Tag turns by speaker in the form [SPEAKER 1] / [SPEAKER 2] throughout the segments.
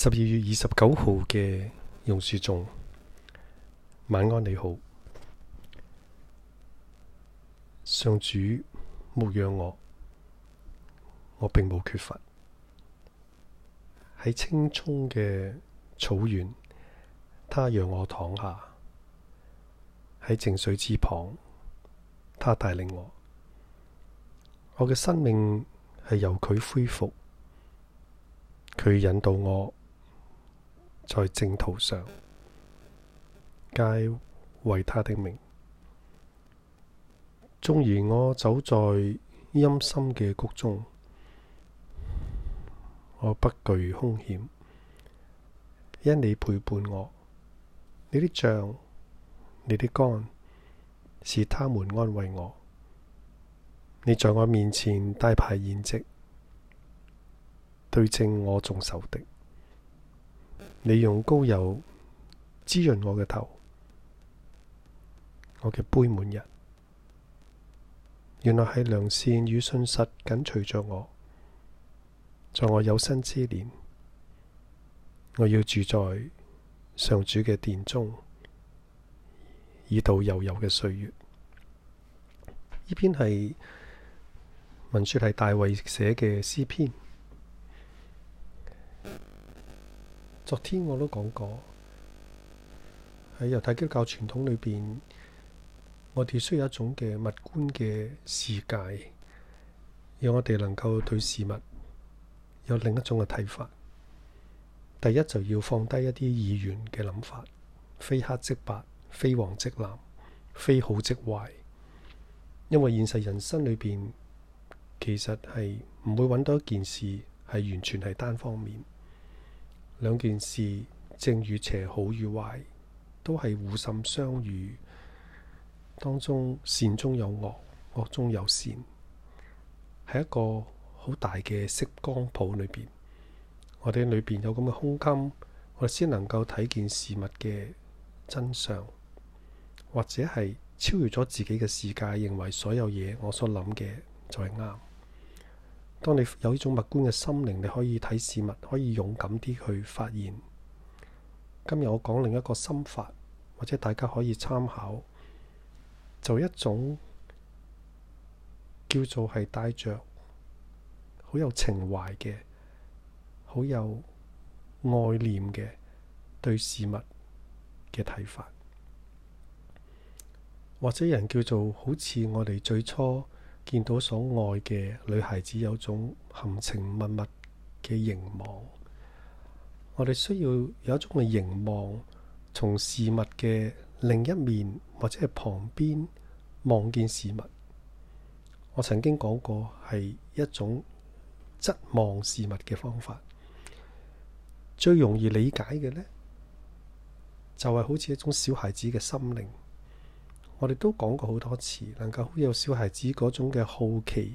[SPEAKER 1] 十二月二十九號嘅榕樹種，晚安你好。上主牧養我，我並冇缺乏。喺青蔥嘅草原，他讓我躺下，喺靜水之旁，他帶領我。我嘅生命係由佢恢復，佢引導我。在正途上，皆為他的名；縱然我走在陰森嘅谷中，我不懼凶險，因你陪伴我。你的杖、你的竿，是他們安慰我。你在我面前大排筵席，對正我眾仇敵。你用膏油滋潤我嘅頭，我嘅杯滿溢。原來係良善與信實緊隨着我，在我有生之年，我要住在上主嘅殿中，以度悠悠嘅歲月。呢篇係文說係大衛寫嘅詩篇。昨天我都講過，喺猶太基督教傳統裏邊，我哋需要一種嘅物觀嘅視界，讓我哋能夠對事物有另一種嘅睇法。第一就要放低一啲二元嘅諗法，非黑即白，非黃即藍，非好即壞。因為現實人生裏邊，其實係唔會揾到一件事係完全係單方面。兩件事正與邪、好與壞，都係互滲相遇。當中善中有惡，惡中有善，係一個好大嘅色光譜裏邊。我哋裏邊有咁嘅胸襟，我哋先能夠睇見事物嘅真相，或者係超越咗自己嘅世界，認為所有嘢我所諗嘅就係啱。當你有呢種物觀嘅心靈，你可以睇事物，可以勇敢啲去發現。今日我講另一個心法，或者大家可以參考，就一種叫做係帶着好有情懷嘅、好有愛念嘅對事物嘅睇法，或者人叫做好似我哋最初。見到所愛嘅女孩子有種含情脈脈嘅凝望，我哋需要有一種嘅凝望，從事物嘅另一面或者係旁邊望見事物。我曾經講過係一種側望事物嘅方法，最容易理解嘅呢，就係好似一種小孩子嘅心靈。我哋都講過好多次，能夠好有小孩子嗰種嘅好奇，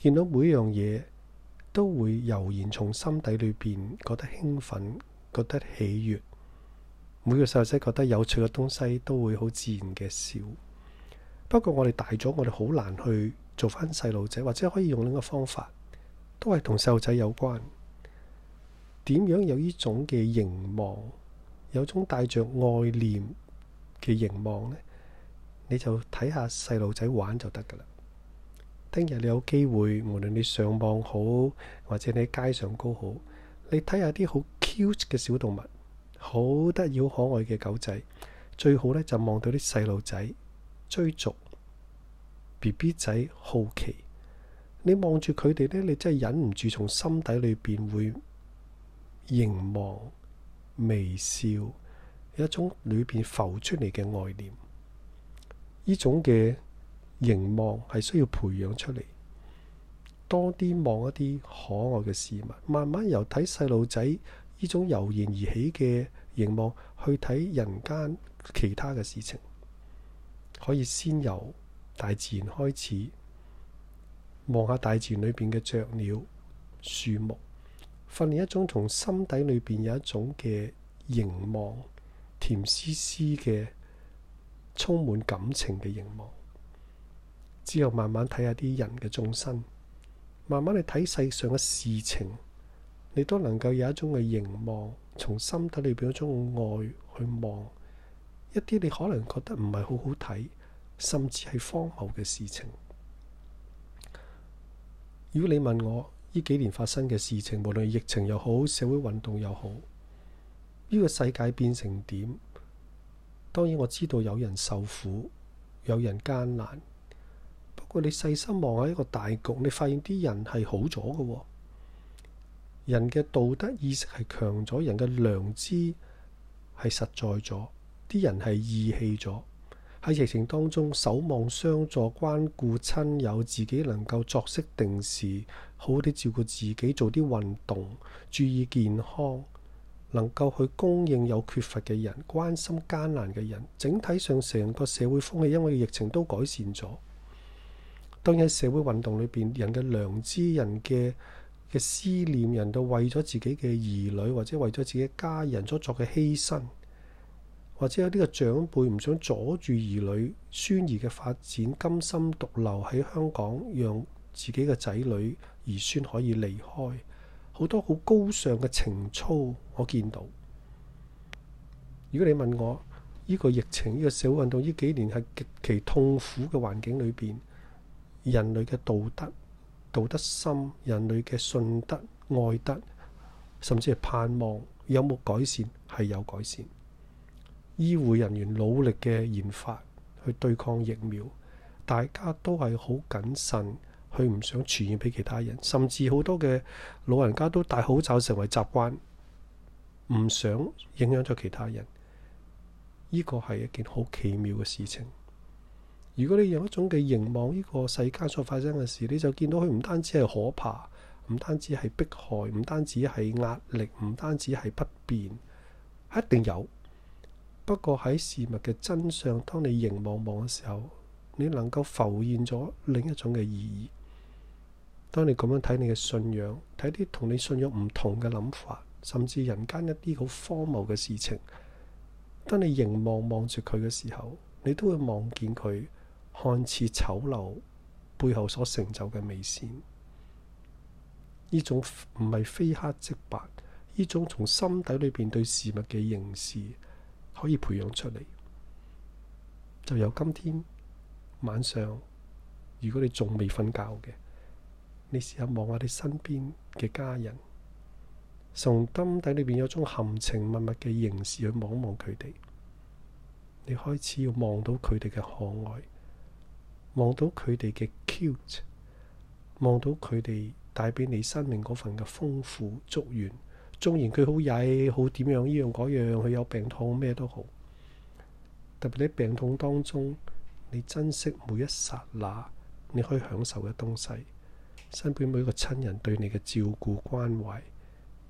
[SPEAKER 1] 見到每樣嘢都會悠然從心底裏邊覺得興奮，覺得喜悅。每個細路仔覺得有趣嘅東西都會好自然嘅笑。不過我哋大咗，我哋好難去做翻細路仔，或者可以用呢個方法都係同細路仔有關。點樣有呢種嘅凝望，有種帶著愛念嘅凝望呢？你就睇下細路仔玩就得噶啦。聽日你有機會，無論你上網好，或者你喺街上高好，你睇下啲好 cute 嘅小動物，好得意可愛嘅狗仔，最好咧就望到啲細路仔追逐 BB 仔好奇。你望住佢哋咧，你真係忍唔住從心底裏邊會凝望微笑，一種裏邊浮出嚟嘅愛念。呢種嘅凝望係需要培養出嚟，多啲望一啲可愛嘅事物，慢慢由睇細路仔呢種油然而起嘅凝望，去睇人間其他嘅事情，可以先由大自然開始，望下大自然裏邊嘅雀鳥、樹木，訓練一種從心底裏邊有一種嘅凝望，甜絲絲嘅。充滿感情嘅凝望，之後慢慢睇下啲人嘅眾生，慢慢去睇世上嘅事情，你都能夠有一種嘅凝望，從心底裏邊一種愛去望一啲你可能覺得唔係好好睇，甚至係荒謬嘅事情。如果你問我呢幾年發生嘅事情，無論疫情又好，社會運動又好，呢個世界變成點？當然我知道有人受苦，有人艱難。不過你細心望下一個大局，你發現啲人係好咗㗎喎。人嘅道德意識係強咗，人嘅良知係實在咗，啲人係義氣咗。喺疫情當中，守望相助、關顧親友，自己能夠作息定時，好啲照顧自己，做啲運動，注意健康。能夠去供應有缺乏嘅人，關心艱難嘅人，整體上成個社會風氣，因為疫情都改善咗。當然社會運動裏邊，人嘅良知、人嘅嘅思念，人都為咗自己嘅兒女或者為咗自己家人所作嘅犧牲，或者有啲嘅長輩唔想阻住兒女孫兒嘅發展，甘心獨留喺香港，讓自己嘅仔女兒孫可以離開。好多好高尚嘅情操，我見到。如果你問我，呢個疫情、呢個社會運動呢幾年係極其痛苦嘅環境裏邊，人類嘅道德、道德心、人類嘅信德、愛德，甚至係盼望有冇改善？係有改善。醫護人員努力嘅研發去對抗疫苗，大家都係好謹慎。佢唔想傳染俾其他人，甚至好多嘅老人家都戴口罩成為習慣，唔想影響咗其他人。呢個係一件好奇妙嘅事情。如果你有一種嘅凝望呢個世間所發生嘅事，你就見到佢唔單止係可怕，唔單止係迫害，唔單止係壓力，唔單止係不變，一定有。不過喺事物嘅真相，當你凝望望嘅時候，你能夠浮現咗另一種嘅意義。當你咁樣睇你嘅信仰，睇啲同你信仰唔同嘅諗法，甚至人間一啲好荒謬嘅事情，當你凝望望住佢嘅時候，你都會望見佢看似醜陋背後所成就嘅美善。呢種唔係非黑即白，呢種從心底裏邊對事物嘅認識可以培養出嚟。就由今天晚上，如果你仲未瞓覺嘅。你試下望下你身邊嘅家人，從心底裏邊有種含情脈脈嘅凝視去望望佢哋。你開始要望到佢哋嘅可愛，望到佢哋嘅 cute，望到佢哋帶俾你生命嗰份嘅豐富足緣。縱然佢好曳，好點樣呢樣嗰樣，佢有病痛咩都好。特別喺病痛當中，你珍惜每一刹那，你可以享受嘅東西。身邊每個親人對你嘅照顧關懷，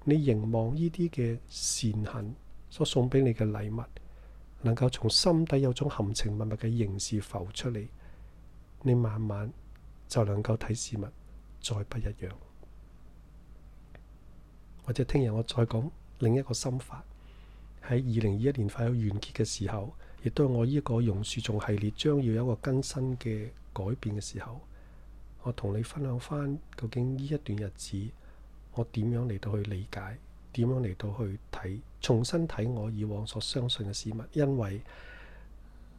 [SPEAKER 1] 你凝望呢啲嘅善行所送俾你嘅禮物，能夠從心底有種含情脈脈嘅凝視浮出嚟，你慢慢就能夠睇事物再不一樣。或者聽日我再講另一個心法，喺二零二一年快要完結嘅時候，亦都係我呢、這、一個榕樹叢系列將要有一個更新嘅改變嘅時候。我同你分享翻，究竟呢一段日子我點樣嚟到去理解，點樣嚟到去睇，重新睇我以往所相信嘅事物。因為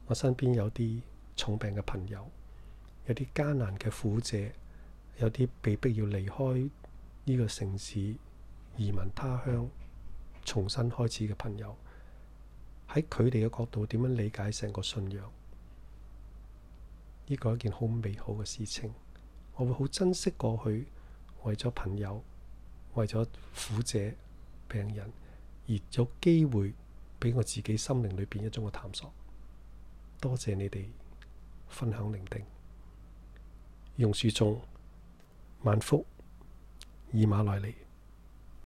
[SPEAKER 1] 我身邊有啲重病嘅朋友，有啲艱難嘅苦者，有啲被逼要離開呢個城市移民他鄉，重新開始嘅朋友，喺佢哋嘅角度點樣理解成個信仰？呢個一件好美好嘅事情。我會好珍惜過去為咗朋友、為咗苦者、病人而有機會俾我自己心靈裏邊一種嘅探索。多謝你哋分享聆聽。用書中，萬福，以馬內利。